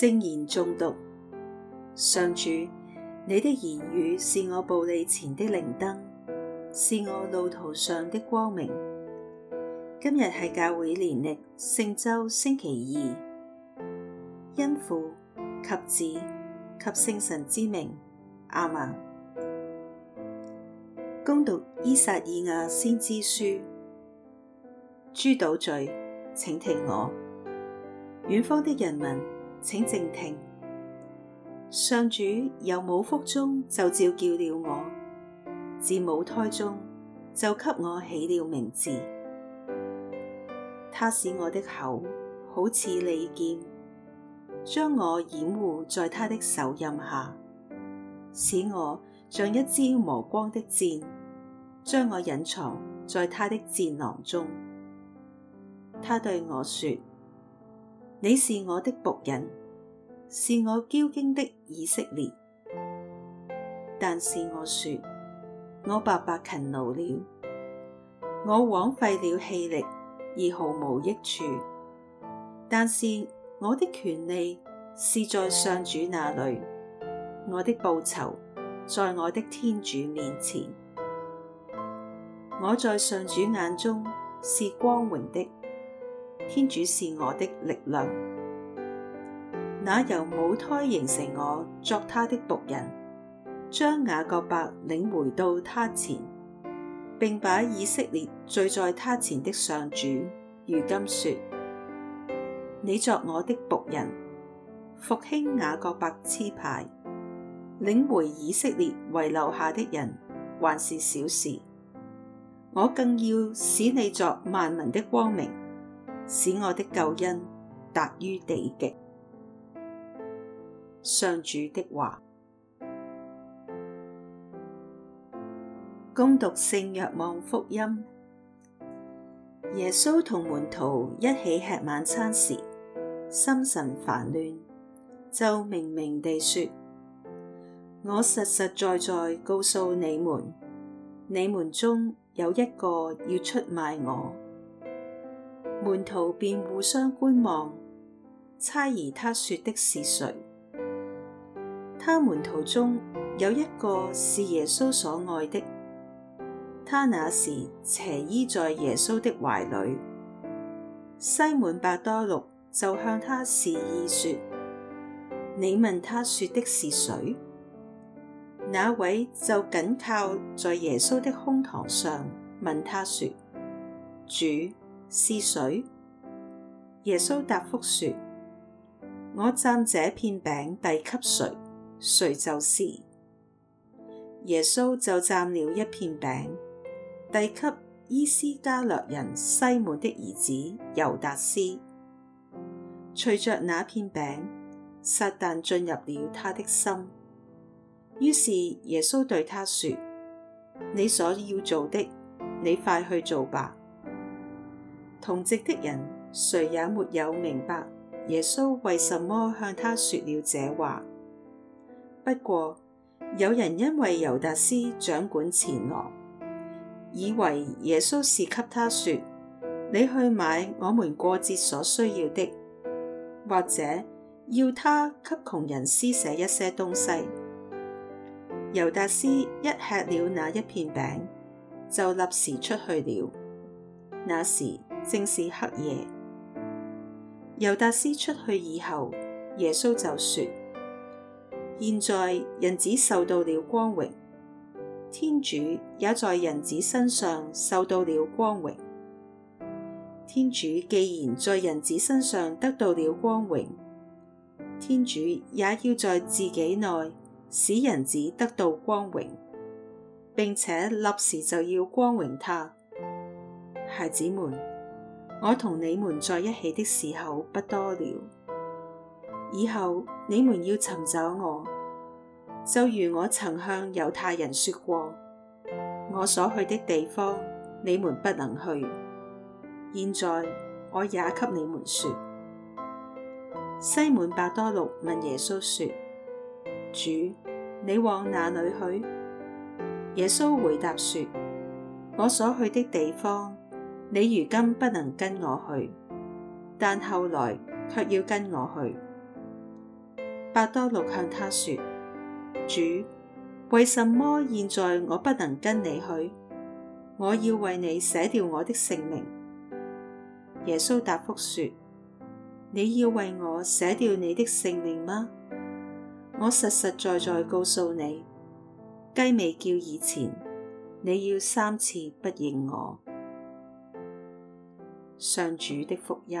聖言誦讀。上主，你的言語是我步履前的靈燈，是我路途上的光明。今日係教會年曆聖周星期二，因父及子及聖神之名，阿們。恭讀《依撒意亞先知書》，諸島嶼，請聽我，遠方的人民。請靜聽，上主由母腹中就召叫了我，自母胎中就給我起了名字。他使我的口好似利劍，將我掩護在他的手蔭下，使我像一支磨光的箭，將我隱藏在他的箭囊中。他對我說，你是我的僕人，是我驕矜的以色列。但是我說，我白白勤勞了，我枉費了氣力而毫無益處。但是我的權利是在上主那裏，我的報酬在我的天主面前。我在上主眼中是光榮的。天主是我的力量，那由母胎形成我，作他的僕人，將雅各伯領回到他前，並把以色列聚在他前的上主，如今說：你作我的僕人，復興雅各伯支派，領回以色列遺留下的人，還是小事。我更要使你作萬民的光明。使我的救恩達於地極。上主的話，恭讀聖若望福音。耶穌同門徒一起吃晚餐時，心神煩亂，就明明地說：我實實在在告訴你們，你們中有一個要出賣我。門徒便互相觀望，猜疑他說的是誰。他門徒中有一個是耶穌所愛的，他那時斜依在耶穌的懷裏。西滿伯多祿就向他示意說：你問他說的是誰？那位就緊靠在耶穌的胸膛上，問他說：主。是誰？耶穌答覆說：我蘸這片餅遞給誰，誰就是。耶穌就蘸了一片餅，遞給伊斯加略依斯加略人西滿的兒子猶達斯。隨着那片餅，撒殫進入了他的心。於是耶穌對他說：你所要做的，你快去做吧。同席的人，誰也沒有明白耶穌為什麼向他說了這話。不過，有人因為猶達斯掌管錢囊，以為耶穌是給他說：你去買我們過節所需要的，或者要他給窮人施捨一些東西。猶達斯一吃了那一片餅，就立時出去了。那時，正是黑夜。猶達斯出去以後，耶穌就說：現在人子受到了光榮，天主也在人子身上受到了光榮。天主既然在人子身上得到了光榮，天主也要在自己內使人子得到光榮，並且立時就要光榮他。孩子們。我同你們在一起的時候不多了，以後你們要尋找我，就如我曾向猶太人說過，我所去的地方你們不能去。現在我也給你們說。西滿伯多祿問耶穌說：主，你往哪裏去？耶穌回答說：我所去的地方。你如今不能跟我去，但後來卻要跟我去。伯多祿向他說：主，為什麼現在我不能跟你去？我要為你捨掉我的性命。耶穌答覆說：你要為我捨掉你的性命嗎？我實實在在告訴你，雞未叫以前，你要三次不認我。上主的福音。